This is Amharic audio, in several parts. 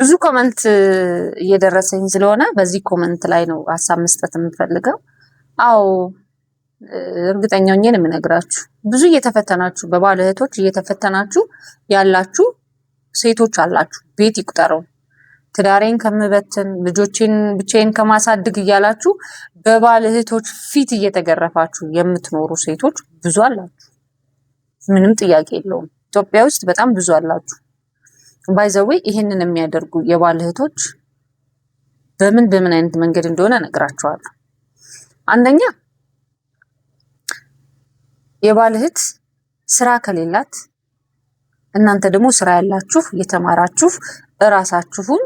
ብዙ ኮመንት እየደረሰኝ ስለሆነ በዚህ ኮመንት ላይ ነው ሀሳብ መስጠት የምፈልገው። አዎ እርግጠኛ ሆኜ ነው የምነግራችሁ። ብዙ እየተፈተናችሁ በባለ እህቶች እየተፈተናችሁ ያላችሁ ሴቶች አላችሁ። ቤት ይቁጠረው ትዳሬን ከምበትን ልጆቼን ብቻዬን ከማሳድግ እያላችሁ በባል እህቶች ፊት እየተገረፋችሁ የምትኖሩ ሴቶች ብዙ አላችሁ። ምንም ጥያቄ የለውም። ኢትዮጵያ ውስጥ በጣም ብዙ አላችሁ። ባይዘዌ ይህንን የሚያደርጉ የባል እህቶች በምን በምን አይነት መንገድ እንደሆነ እነግራቸዋለሁ። አንደኛ የባል እህት ስራ ከሌላት እናንተ ደግሞ ስራ ያላችሁ የተማራችሁ እራሳችሁን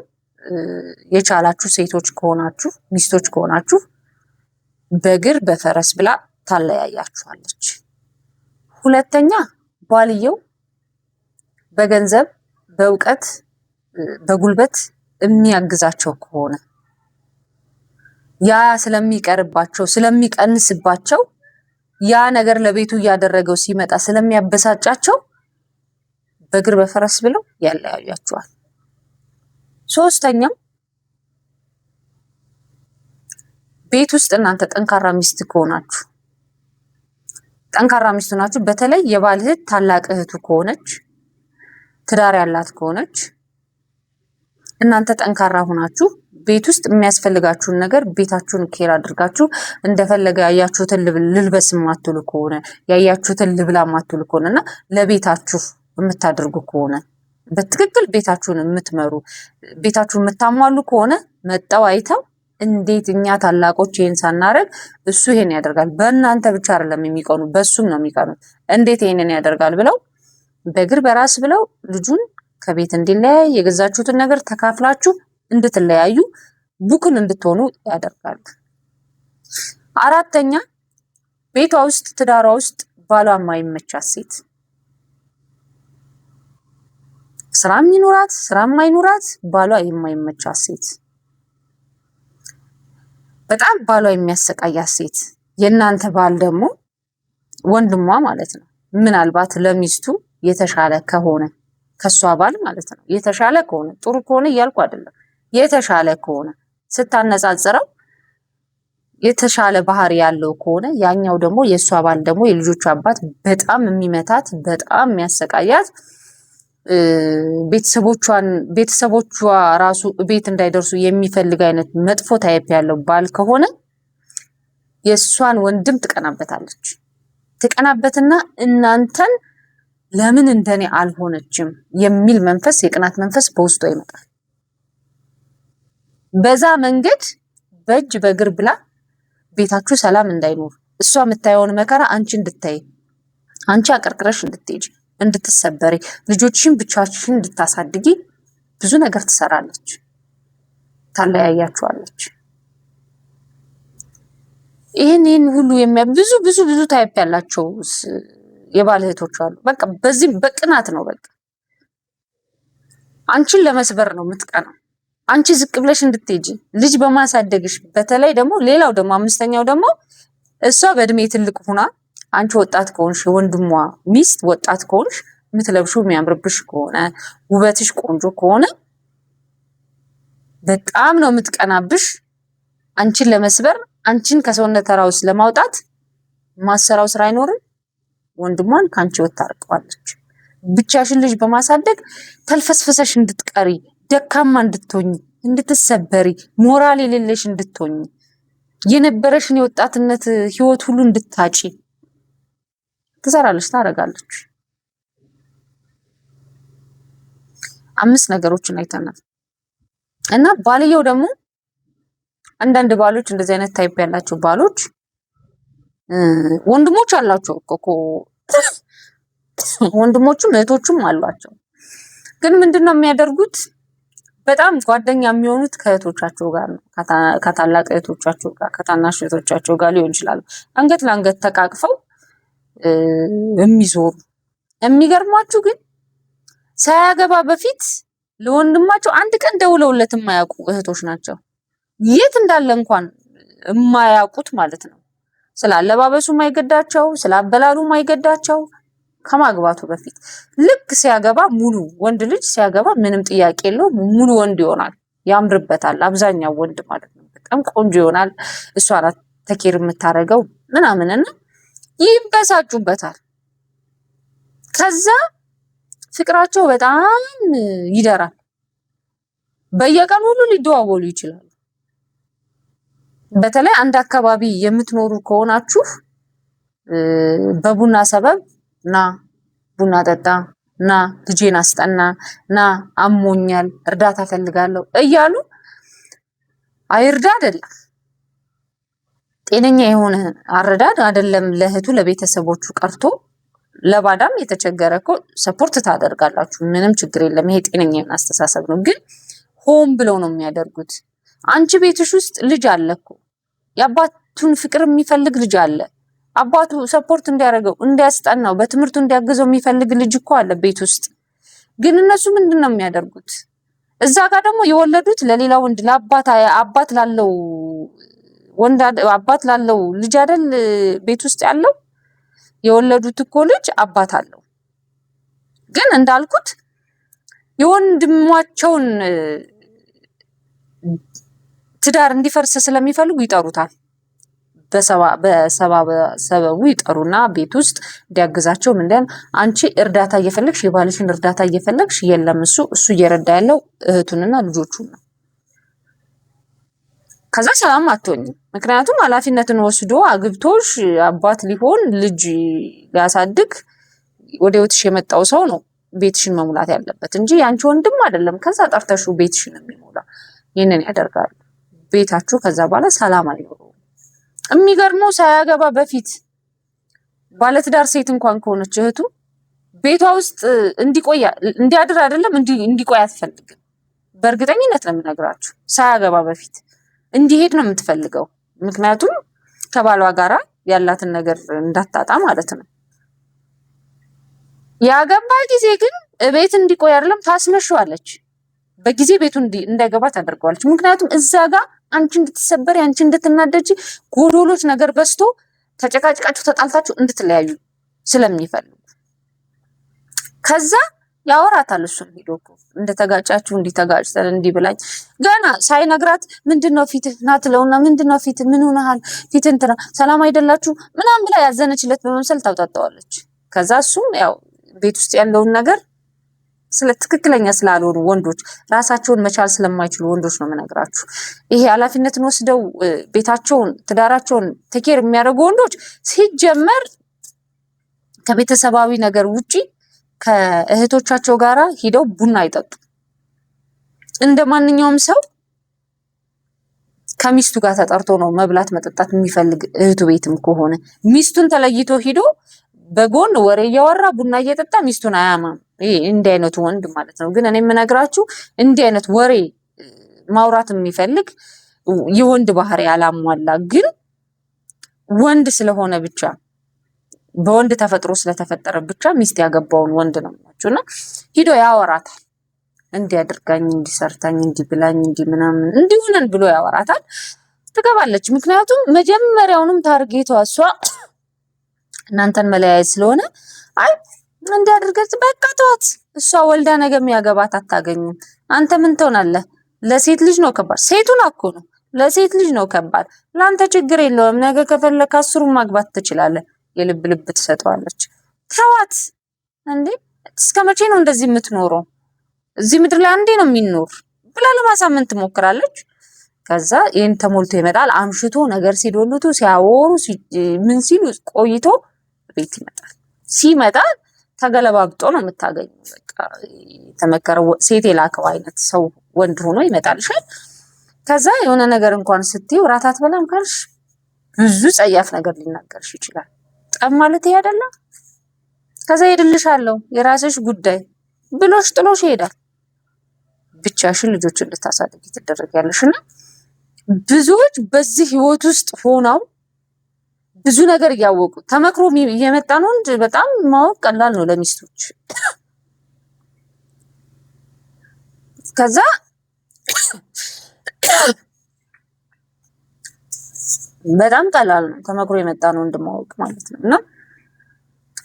የቻላችሁ ሴቶች ከሆናችሁ ሚስቶች ከሆናችሁ በእግር በፈረስ ብላ ታለያያችኋለች። ሁለተኛ ባልየው በገንዘብ በእውቀት በጉልበት የሚያግዛቸው ከሆነ ያ ስለሚቀርባቸው ስለሚቀንስባቸው ያ ነገር ለቤቱ እያደረገው ሲመጣ ስለሚያበሳጫቸው በእግር በፈረስ ብለው ያለያያቸዋል። ሶስተኛም ቤት ውስጥ እናንተ ጠንካራ ሚስት ከሆናችሁ ጠንካራ ሚስት ናችሁ በተለይ የባል እህት ታላቅ እህቱ ከሆነች ትዳር ያላት ከሆነች እናንተ ጠንካራ ሆናችሁ ቤት ውስጥ የሚያስፈልጋችሁን ነገር ቤታችሁን ኬር አድርጋችሁ እንደፈለገ ያያችሁትን ልልበስ ማትሉ ከሆነ ያያችሁትን ልብላ ማትሉ ከሆነ እና ለቤታችሁ የምታደርጉ ከሆነ በትክክል ቤታችሁን የምትመሩ ቤታችሁን የምታሟሉ ከሆነ መጠው አይተው እንዴት እኛ ታላቆች ይህን ሳናረግ እሱ ይሄን ያደርጋል። በእናንተ ብቻ አይደለም የሚቀኑ፣ በሱም ነው የሚቀኑ እንዴት ይሄንን ያደርጋል ብለው በእግር በራስ ብለው ልጁን ከቤት እንዲለያይ የገዛችሁትን ነገር ተካፍላችሁ እንድትለያዩ ቡክን እንድትሆኑ ያደርጋሉ። አራተኛ ቤቷ ውስጥ ትዳሯ ውስጥ ባሏ የማይመቻት ሴት ስራም ይኑራት ስራ አይኑራት ባሏ የማይመቻት ሴት በጣም ባሏ የሚያሰቃያት ሴት የእናንተ ባል ደግሞ ወንድሟ ማለት ነው ምናልባት ለሚስቱ የተሻለ ከሆነ ከእሷ ባል ማለት ነው። የተሻለ ከሆነ ጥሩ ከሆነ እያልኩ አይደለም። የተሻለ ከሆነ ስታነጻጽረው የተሻለ ባህሪ ያለው ከሆነ ያኛው ደግሞ የእሷ ባል ደግሞ የልጆቹ አባት በጣም የሚመታት በጣም የሚያሰቃያት ቤተሰቦቿን ቤተሰቦቿ ራሱ ቤት እንዳይደርሱ የሚፈልግ አይነት መጥፎ ታይፕ ያለው ባል ከሆነ የእሷን ወንድም ትቀናበታለች። ትቀናበትና እናንተን ለምን እንደኔ አልሆነችም የሚል መንፈስ፣ የቅናት መንፈስ በውስጧ ይመጣል። በዛ መንገድ በእጅ በእግር ብላ ቤታችሁ ሰላም እንዳይኖር እሷ የምታየውን መከራ አንቺ እንድታይ አንቺ አቀርቅረሽ እንድትሄጂ እንድትሰበሪ ልጆችሽን ብቻሽን እንድታሳድጊ ብዙ ነገር ትሰራለች፣ ታለያያችኋለች። ይህን ይህን ሁሉ የሚያ ብዙ ብዙ ብዙ ታይፕ ያላቸው የባል እህቶች አሉ። በቃ በዚህ በቅናት ነው በቃ አንቺን ለመስበር ነው የምትቀናው። አንቺ ዝቅ ብለሽ እንድትሄጂ ልጅ በማሳደግሽ በተለይ ደግሞ ሌላው ደግሞ አምስተኛው ደግሞ እሷ በእድሜ ትልቅ ሁና አንቺ ወጣት ከሆንሽ የወንድሟ ሚስት ወጣት ከሆንሽ የምትለብሹ የሚያምርብሽ ከሆነ ውበትሽ ቆንጆ ከሆነ በጣም ነው የምትቀናብሽ። አንቺን ለመስበር አንቺን ከሰውነት ተራ ውስጥ ለማውጣት ማሰራው ስራ አይኖርም። ወንድሟን ከአንቺ ወት ብቻሽን ልጅ በማሳደግ ተልፈስፈሰሽ እንድትቀሪ ደካማ እንድትሆኝ እንድትሰበሪ ሞራል የሌለሽ እንድትሆኝ የነበረሽን የወጣትነት ህይወት ሁሉ እንድታጪ ትሰራለች፣ ታደርጋለች። አምስት ነገሮችን አይተናል እና ባልየው ደግሞ አንዳንድ ባሎች እንደዚህ አይነት ታይፕ ያላቸው ባሎች ወንድሞች አላቸው እኮ ወንድሞቹም እህቶቹም አሏቸው። ግን ምንድን ነው የሚያደርጉት? በጣም ጓደኛ የሚሆኑት ከእህቶቻቸው ጋር ነው። ከታላቅ እህቶቻቸው ጋር፣ ከታናሽ እህቶቻቸው ጋር ሊሆን ይችላሉ። አንገት ለአንገት ተቃቅፈው የሚዞሩ የሚገርማችሁ ግን ሳያገባ በፊት ለወንድማቸው አንድ ቀን ደውለውለት የማያውቁ እህቶች ናቸው። የት እንዳለ እንኳን የማያውቁት ማለት ነው። ስለ አለባበሱ ማይገዳቸው፣ ስለ አበላሉ ማይገዳቸው ከማግባቱ በፊት ልክ ሲያገባ ሙሉ ወንድ ልጅ ሲያገባ ምንም ጥያቄ የለው ሙሉ ወንድ ይሆናል። ያምርበታል። አብዛኛው ወንድ ማለት ነው በጣም ቆንጆ ይሆናል። እሷ ናት ተኬር የምታደርገው ምናምንና ይበሳጩበታል። ከዛ ፍቅራቸው በጣም ይደራል። በየቀኑ ሁሉ ሊደዋወሉ ይችላሉ። በተለይ አንድ አካባቢ የምትኖሩ ከሆናችሁ በቡና ሰበብ ና ቡና ጠጣ፣ ና ልጄን አስጠና፣ ና አሞኛል፣ እርዳታ ፈልጋለሁ እያሉ አይርዳ አይደለም ጤነኛ የሆነ አረዳድ አይደለም። ለእህቱ ለቤተሰቦቹ ቀርቶ ለባዳም የተቸገረ እኮ ሰፖርት ታደርጋላችሁ። ምንም ችግር የለም። ይሄ ጤነኛ አስተሳሰብ ነው። ግን ሆን ብለው ነው የሚያደርጉት። አንቺ ቤትሽ ውስጥ ልጅ አለ እኮ የአባቱን ፍቅር የሚፈልግ ልጅ አለ። አባቱ ሰፖርት እንዲያደርገው እንዲያስጠናው፣ በትምህርቱ እንዲያግዘው የሚፈልግ ልጅ እኮ አለ ቤት ውስጥ። ግን እነሱ ምንድን ነው የሚያደርጉት? እዛ ጋር ደግሞ የወለዱት ለሌላ ወንድ ለአባት አባት ላለው ወንድ አባት ላለው ልጅ አይደል ቤት ውስጥ ያለው የወለዱት እኮ ልጅ አባት አለው። ግን እንዳልኩት የወንድማቸውን ትዳር እንዲፈርስ ስለሚፈልጉ ይጠሩታል። በሰበቡ ይጠሩና ቤት ውስጥ እንዲያግዛቸው ምንድን አንቺ እርዳታ እየፈለግሽ የባልሽን እርዳታ እየፈለግሽ የለም፣ እሱ እሱ እየረዳ ያለው እህቱንና ልጆቹን ነው። ከዛ ሰላም አትሆኝም። ምክንያቱም ኃላፊነትን ወስዶ አግብቶሽ አባት ሊሆን ልጅ ሊያሳድግ ወደ ህይወትሽ የመጣው ሰው ነው ቤትሽን መሙላት ያለበት እንጂ ያንቺ ወንድም አይደለም። ከዛ ጠርተሹ ቤትሽን የሚሞላ ይህንን ያደርጋሉ። ቤታችሁ ከዛ በኋላ ሰላም አይኖረውም። የሚገርመው ሳያገባ በፊት ባለትዳር ሴት እንኳን ከሆነች እህቱ ቤቷ ውስጥ እንዲቆያ እንዲያድር አይደለም እንዲቆይ አትፈልግም። በእርግጠኝነት ነው የምነግራችሁ። ሳያገባ በፊት እንዲሄድ ነው የምትፈልገው። ምክንያቱም ከባሏ ጋራ ያላትን ነገር እንዳታጣ ማለት ነው። ያገባ ጊዜ ግን ቤት እንዲቆይ አይደለም ታስመሸዋለች። በጊዜ ቤቱ እንዳይገባ ታደርገዋለች። ምክንያቱም እዛ ጋር አንቺ እንድትሰበር አንቺ እንድትናደጂ ጎዶሎች ነገር በዝቶ ተጨቃጭቃችሁ ተጣልታችሁ እንድትለያዩ ስለሚፈልጉ ከዛ ያወራታል። እሱም ሄዶ እንደተጋጫችሁ እንዲተጋጭተን እንዲህ ብላኝ ገና ሳይነግራት ምንድን ነው ፊት ናትለውና ምንድን ነው ፊት ምን ሆነሃል እንትና ሰላም አይደላችሁ ምናምን ብላ ያዘነችለት በመምሰል ታውጣጣዋለች። ከዛ እሱም ያው ቤት ውስጥ ያለውን ነገር ስለ ትክክለኛ ስላልሆኑ ወንዶች ራሳቸውን መቻል ስለማይችሉ ወንዶች ነው የምነግራችሁ። ይሄ ኃላፊነትን ወስደው ቤታቸውን፣ ትዳራቸውን ተኬር የሚያደርጉ ወንዶች ሲጀመር ከቤተሰባዊ ነገር ውጪ ከእህቶቻቸው ጋራ ሂደው ቡና አይጠጡ። እንደ ማንኛውም ሰው ከሚስቱ ጋር ተጠርቶ ነው መብላት መጠጣት የሚፈልግ። እህቱ ቤትም ከሆነ ሚስቱን ተለይቶ ሂዶ በጎን ወሬ እያወራ ቡና እየጠጣ ሚስቱን አያማም። እንዲህ አይነቱ ወንድ ማለት ነው። ግን እኔ የምነግራችሁ እንዲህ አይነት ወሬ ማውራት የሚፈልግ የወንድ ባህሪ ያላሟላ ግን ወንድ ስለሆነ ብቻ በወንድ ተፈጥሮ ስለተፈጠረ ብቻ ሚስት ያገባውን ወንድ ነው ናቸው እና ሂዶ ያወራታል። እንዲህ አድርጋኝ፣ እንዲብላኝ ሰርታኝ፣ እንዲህ ምናምን እንዲሆነን ብሎ ያወራታል። ትገባለች። ምክንያቱም መጀመሪያውንም ታርጌቷ እሷ እናንተን መለያየት ስለሆነ አይ እንዲያደርገት በቃ ተዋት። እሷ ወልዳ ነገ የሚያገባት አታገኝም። አንተ ምን ትሆናለህ? ለሴት ልጅ ነው ከባድ። ሴቱን አኮ ነው ለሴት ልጅ ነው ከባድ። ለአንተ ችግር የለውም። ነገ ከፈለክ አስሩን ማግባት ትችላለህ። የልብ ልብ ትሰጠዋለች። ተዋት እንዴ! እስከ መቼ ነው እንደዚህ የምትኖረው? እዚህ ምድር ላይ አንዴ ነው የሚኖር ብላ ለማሳመን ትሞክራለች። ከዛ ይህን ተሞልቶ ይመጣል። አምሽቶ ነገር ሲዶልቱ ሲያወሩ ምን ሲሉ ቆይቶ ቤት ይመጣል። ሲመጣ ተገለባብጦ ነው የምታገኘው። በቃ የተመከረው ሴት የላከው አይነት ሰው ወንድ ሆኖ ይመጣልሻል። ከዛ የሆነ ነገር እንኳን ስትይው ራታት አትበላም ካልሽ ብዙ ጸያፍ ነገር ሊናገርሽ ይችላል። ጠብ ማለት ይሄ ከዛ ከዛ ሄድልሻለሁ የራስሽ ጉዳይ ብሎሽ ጥሎሽ ይሄዳል። ብቻሽን ልጆች እንድታሳድግ ያለሽ እና ብዙዎች በዚህ ህይወት ውስጥ ሆነው ብዙ ነገር እያወቁ ተመክሮ የመጣን ወንድ በጣም ማወቅ ቀላል ነው ለሚስቶች። ከዛ በጣም ቀላል ነው ተመክሮ የመጣን ወንድ ማወቅ ማለት ነው እና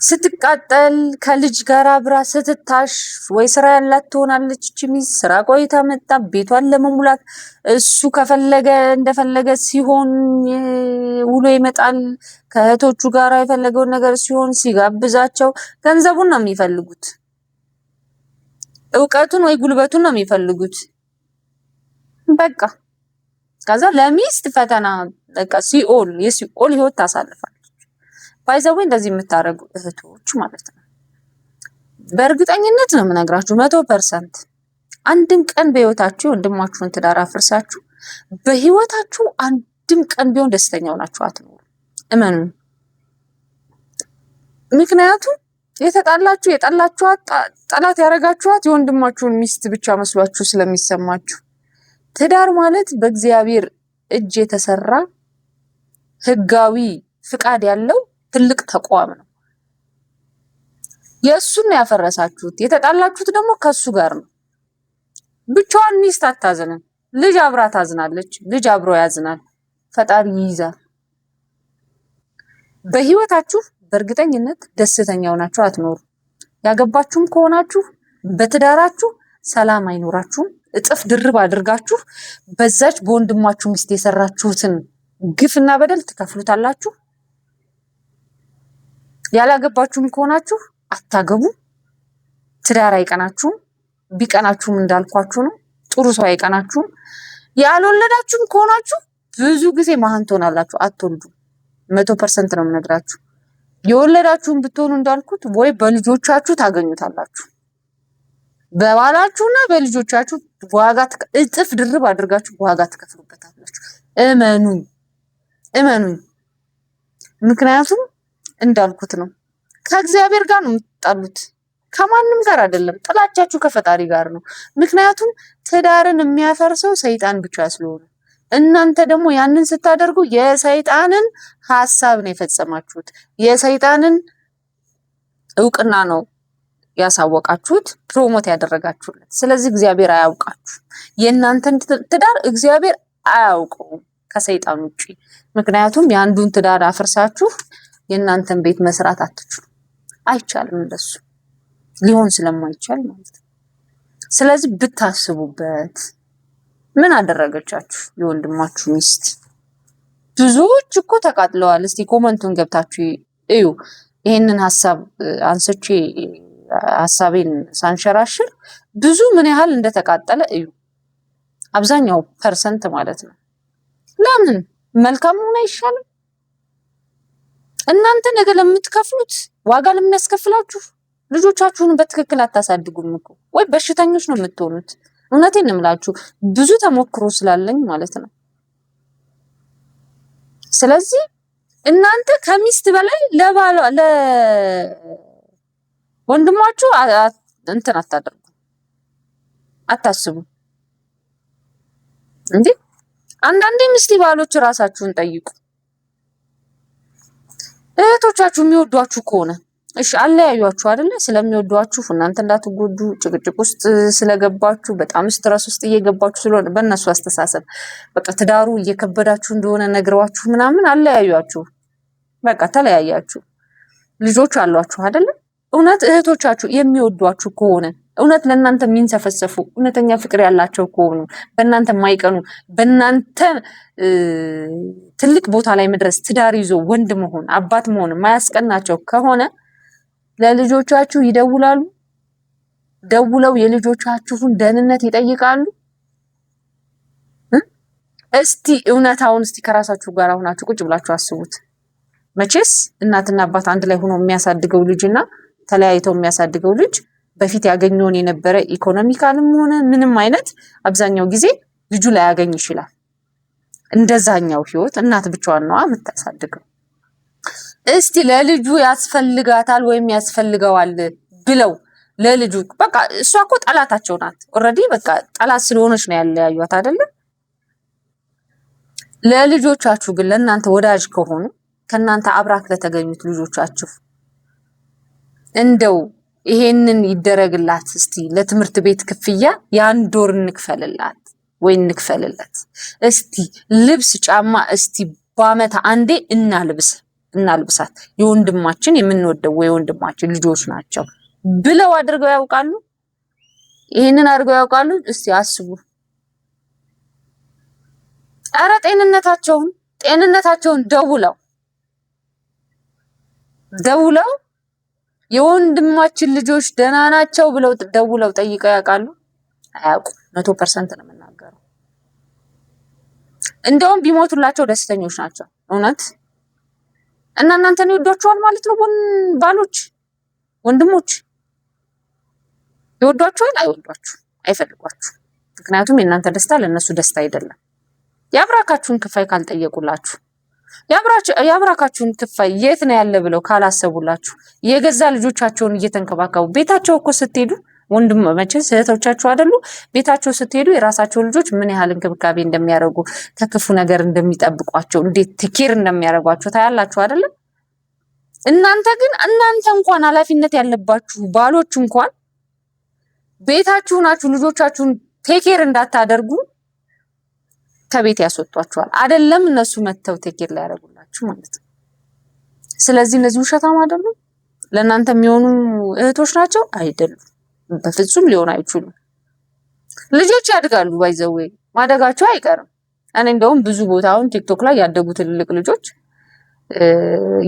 ስትቃጠል ከልጅ ጋር አብራ ስትታሽ ወይ ስራ ያላት ትሆናለች። ሚስት ስራ ቆይታ መጣ ቤቷን ለመሙላት እሱ ከፈለገ እንደፈለገ ሲሆን ውሎ ይመጣል። ከእህቶቹ ጋር የፈለገውን ነገር ሲሆን ሲጋብዛቸው ገንዘቡን ነው የሚፈልጉት። እውቀቱን ወይ ጉልበቱን ነው የሚፈልጉት። በቃ ከዛ ለሚስት ፈተና በቃ ሲኦል የሲኦል ህይወት ታሳልፋል። ባይዘዌ እንደዚህ የምታደርጉ እህቶች ማለት ነው። በእርግጠኝነት ነው የምነግራችሁ መቶ ፐርሰንት አንድም ቀን በህይወታችሁ የወንድማችሁን ትዳር አፍርሳችሁ በህይወታችሁ አንድም ቀን ቢሆን ደስተኛ ሆናችሁ አትኖሩ። እመኑ። ምክንያቱም የተጣላችሁ የጠላችኋት ጠላት ያደረጋችኋት የወንድማችሁን ሚስት ብቻ መስሏችሁ ስለሚሰማችሁ ትዳር ማለት በእግዚአብሔር እጅ የተሰራ ህጋዊ ፍቃድ ያለው ትልቅ ተቋም ነው። የእሱን ያፈረሳችሁት። የተጣላችሁት ደግሞ ከሱ ጋር ነው። ብቻዋን ሚስት አታዝንም። ልጅ አብራ ታዝናለች። ልጅ አብሮ ያዝናል። ፈጣሪ ይይዛል። በህይወታችሁ በእርግጠኝነት ደስተኛ ናችሁ አትኖሩ። ያገባችሁም ከሆናችሁ በትዳራችሁ ሰላም አይኖራችሁም። እጥፍ ድርብ አድርጋችሁ በዛች በወንድማችሁ ሚስት የሰራችሁትን ግፍና በደል ትከፍሉታላችሁ። ያላገባችሁም ከሆናችሁ አታገቡ። ትዳር አይቀናችሁም። ቢቀናችሁም እንዳልኳችሁ ነው፣ ጥሩ ሰው አይቀናችሁም። ያልወለዳችሁም ከሆናችሁ ብዙ ጊዜ መሀን ትሆናላችሁ፣ አትወልዱ። መቶ ፐርሰንት ነው የምነግራችሁ። የወለዳችሁም ብትሆኑ እንዳልኩት ወይ በልጆቻችሁ ታገኙታላችሁ። በባላችሁና በልጆቻችሁ ዋጋ እጥፍ ድርብ አድርጋችሁ ዋጋ ትከፍሉበታላችሁ። እመኑኝ እመኑኝ። ምክንያቱም እንዳልኩት ነው። ከእግዚአብሔር ጋር ነው የምትጣሉት፣ ከማንም ጋር አይደለም። ጥላቻችሁ ከፈጣሪ ጋር ነው። ምክንያቱም ትዳርን የሚያፈርሰው ሰይጣን ብቻ ስለሆነ እናንተ ደግሞ ያንን ስታደርጉ የሰይጣንን ሀሳብ ነው የፈጸማችሁት። የሰይጣንን እውቅና ነው ያሳወቃችሁት፣ ፕሮሞት ያደረጋችሁለት። ስለዚህ እግዚአብሔር አያውቃችሁ። የእናንተን ትዳር እግዚአብሔር አያውቀውም ከሰይጣን ውጭ። ምክንያቱም የአንዱን ትዳር አፍርሳችሁ የእናንተን ቤት መስራት አትችሉ፣ አይቻልም። እንደሱ ሊሆን ስለማይቻል ማለት ነው። ስለዚህ ብታስቡበት። ምን አደረገቻችሁ የወንድማችሁ ሚስት? ብዙዎች እኮ ተቃጥለዋል። እስቲ ኮመንቱን ገብታችሁ እዩ። ይሄንን ሀሳብ አንስቼ ሀሳቤን ሳንሸራሽር ብዙ ምን ያህል እንደተቃጠለ እዩ። አብዛኛው ፐርሰንት ማለት ነው። ለምን መልካም ሆነ አይሻልም? እናንተ ነገ ለምትከፍሉት ዋጋ ለሚያስከፍላችሁ ልጆቻችሁን በትክክል አታሳድጉም እኮ ወይ በሽተኞች ነው የምትሆኑት። እውነቴን እምላችሁ ብዙ ተሞክሮ ስላለኝ ማለት ነው። ስለዚህ እናንተ ከሚስት በላይ ለባሏ ለወንድማችሁ እንትን አታደርጉ፣ አታስቡ። እንዴ አንዳንዴ ምስሊ ባሎች እራሳችሁን ጠይቁ። እህቶቻችሁ የሚወዷችሁ ከሆነ እሺ አለያዩችሁ አይደለ? ስለሚወዷችሁ እናንተ እንዳትጎዱ ጭቅጭቅ ውስጥ ስለገባችሁ በጣም ስትረስ ውስጥ እየገባችሁ ስለሆነ በእነሱ አስተሳሰብ በቃ ትዳሩ እየከበዳችሁ እንደሆነ ነግረዋችሁ ምናምን አለያዩአችሁ። በቃ ተለያያችሁ። ልጆች አሏችሁ አይደለ? እውነት እህቶቻችሁ የሚወዷችሁ ከሆነ እውነት ለእናንተ የሚንሰፈሰፉ እውነተኛ ፍቅር ያላቸው ከሆኑ በእናንተ የማይቀኑ በእናንተ ትልቅ ቦታ ላይ መድረስ ትዳር ይዞ ወንድ መሆን አባት መሆን የማያስቀናቸው ከሆነ ለልጆቻችሁ ይደውላሉ። ደውለው የልጆቻችሁን ደህንነት ይጠይቃሉ። እስቲ እውነታውን እስቲ ከራሳችሁ ጋር ሆናችሁ ቁጭ ብላችሁ አስቡት። መቼስ እናትና አባት አንድ ላይ ሆኖ የሚያሳድገው ልጅና ተለያይተው የሚያሳድገው ልጅ በፊት ያገኘውን የነበረ ኢኮኖሚካልም ሆነ ምንም አይነት አብዛኛው ጊዜ ልጁ ላያገኝ ይችላል። እንደዛኛው ህይወት እናት ብቻዋን ነዋ የምታሳድገው። እስቲ ለልጁ ያስፈልጋታል ወይም ያስፈልገዋል ብለው ለልጁ በቃ እሷ እኮ ጠላታቸው ናት። ኦልሬዲ በቃ ጠላት ስለሆነች ነው ያለያዩት አይደለም። ለልጆቻችሁ ግን ለእናንተ ወዳጅ ከሆኑ ከእናንተ አብራክ ለተገኙት ልጆቻችሁ እንደው ይሄንን ይደረግላት እስቲ ለትምህርት ቤት ክፍያ የአንድ ወር እንክፈልላት ወይ እንክፈልለት እስቲ ልብስ ጫማ እስቲ በአመት አንዴ እናልብስ እናልብሳት የወንድማችን የምንወደው ወይ የወንድማችን ልጆች ናቸው ብለው አድርገው ያውቃሉ ይሄንን አድርገው ያውቃሉ እስቲ አስቡ ኧረ ጤንነታቸውን ጤንነታቸውን ደውለው ደውለው የወንድማችን ልጆች ደህና ናቸው ብለው ደውለው ጠይቀው ያውቃሉ? አያውቁም። መቶ ፐርሰንት ነው የምናገረው። እንደውም ቢሞቱላቸው ደስተኞች ናቸው። እውነት እና እናንተን ይወዷችኋል ማለት ነው። ባሎች፣ ወንድሞች ይወዷችኋል? አይወዷችሁ አይፈልጓችሁ ምክንያቱም የእናንተ ደስታ ለእነሱ ደስታ አይደለም። የአብራካችሁን ክፋይ ካልጠየቁላችሁ የአብራካችሁን ትፋይ የት ነው ያለ ብለው ካላሰቡላችሁ የገዛ ልጆቻቸውን እየተንከባከቡ ቤታቸው እኮ ስትሄዱ ወንድም መቼ እህቶቻችሁ አይደሉ? ቤታቸው ስትሄዱ የራሳቸው ልጆች ምን ያህል እንክብካቤ እንደሚያደርጉ ከክፉ ነገር እንደሚጠብቋቸው እንዴት ትኬር እንደሚያደርጓቸው ታያላችሁ አይደለም? እናንተ ግን እናንተ እንኳን ኃላፊነት ያለባችሁ ባሎች እንኳን ቤታችሁ ናችሁ ልጆቻችሁን ቴኬር እንዳታደርጉ ከቤት ያስወጧቸዋል። አይደለም እነሱ መተው ቴኬር ላይ ያደርጉላችሁ ማለት ነው። ስለዚህ እነዚህ ውሸታም አይደሉም፣ ለእናንተ የሚሆኑ እህቶች ናቸው አይደሉም። በፍጹም ሊሆን አይችሉም። ልጆች ያድጋሉ፣ ባይዘዌ ማደጋቸው አይቀርም። እኔ እንደውም ብዙ ቦታውን ቲክቶክ ላይ ያደጉ ትልልቅ ልጆች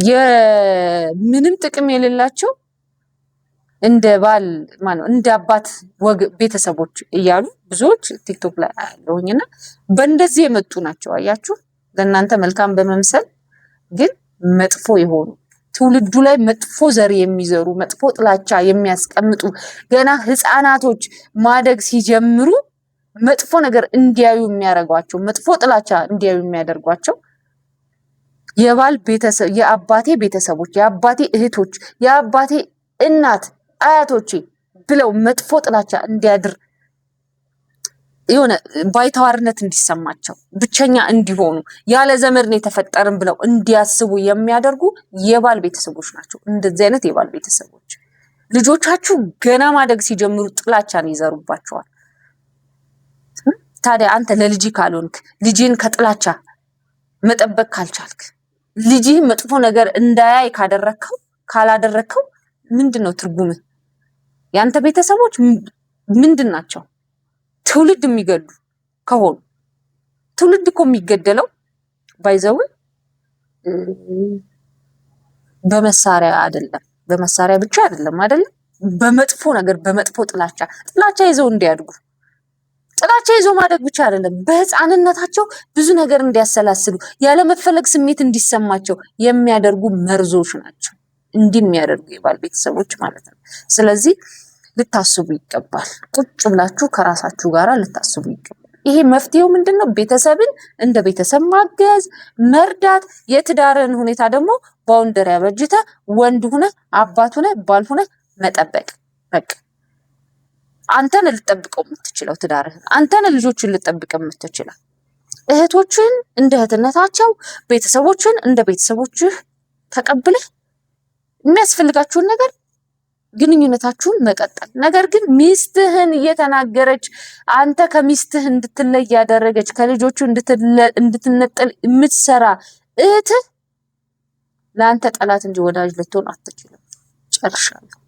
የምንም ጥቅም የሌላቸው እንደ ባል ማነው እንደ አባት ወግ ቤተሰቦች እያሉ ብዙዎች ቲክቶክ ላይ አለሁኝና በእንደዚህ የመጡ ናቸው። አያችሁ ለእናንተ መልካም በመምሰል ግን መጥፎ የሆኑ ትውልዱ ላይ መጥፎ ዘር የሚዘሩ መጥፎ ጥላቻ የሚያስቀምጡ ገና ህፃናቶች ማደግ ሲጀምሩ መጥፎ ነገር እንዲያዩ የሚያደርጓቸው መጥፎ ጥላቻ እንዲያዩ የሚያደርጓቸው የባል ቤተሰብ የአባቴ ቤተሰቦች፣ የአባቴ እህቶች፣ የአባቴ እናት አያቶቼ ብለው መጥፎ ጥላቻ እንዲያድር የሆነ ባይተዋርነት እንዲሰማቸው ብቸኛ እንዲሆኑ ያለ ዘመድ ነው የተፈጠርን ብለው እንዲያስቡ የሚያደርጉ የባል ቤተሰቦች ናቸው። እንደዚህ አይነት የባል ቤተሰቦች ልጆቻችሁ ገና ማደግ ሲጀምሩ ጥላቻን ይዘሩባቸዋል። ታዲያ አንተ ለልጅ ካልሆንክ ልጅን ከጥላቻ መጠበቅ ካልቻልክ ልጅህ መጥፎ ነገር እንዳያይ ካደረግከው ካላደረግከው ምንድን ነው ትርጉምህ? የአንተ ቤተሰቦች ምንድን ናቸው? ትውልድ የሚገዱ ከሆኑ ትውልድ እኮ የሚገደለው ባይዘው በመሳሪያ አይደለም። በመሳሪያ ብቻ አይደለም አይደለም፣ በመጥፎ ነገር በመጥፎ ጥላቻ ጥላቻ ይዘው እንዲያድጉ ጥላቻ ይዞ ማደግ ብቻ አይደለም፣ በህፃንነታቸው ብዙ ነገር እንዲያሰላስሉ ያለመፈለግ ስሜት እንዲሰማቸው የሚያደርጉ መርዞች ናቸው። እንዲሚያደርጉ የባል ቤተሰቦች ማለት ነው። ስለዚህ ልታስቡ ይገባል። ቁጭ ብላችሁ ከራሳችሁ ጋር ልታስቡ ይገባል። ይሄ መፍትሄው ምንድን ነው? ቤተሰብን እንደ ቤተሰብ ማገዝ፣ መርዳት፣ የትዳርን ሁኔታ ደግሞ ባውንደሪ አበጅተ ወንድ ሁነ አባት ሁነ ባል ሁነ መጠበቅ በቃ አንተን ልጠብቀው የምትችለው ትዳርህን፣ አንተን ልጆችን ልጠብቀ የምትችለው እህቶችን እንደ እህትነታቸው ቤተሰቦችን እንደ ቤተሰቦችህ ተቀብለህ የሚያስፈልጋችሁን ነገር ግንኙነታችሁን መቀጠል። ነገር ግን ሚስትህን እየተናገረች አንተ ከሚስትህ እንድትለይ ያደረገች ከልጆቹ እንድትነጠል የምትሰራ እህትህ ለአንተ ጠላት እንጂ ወዳጅ ልትሆን አትችልም። ጨርሻለሁ።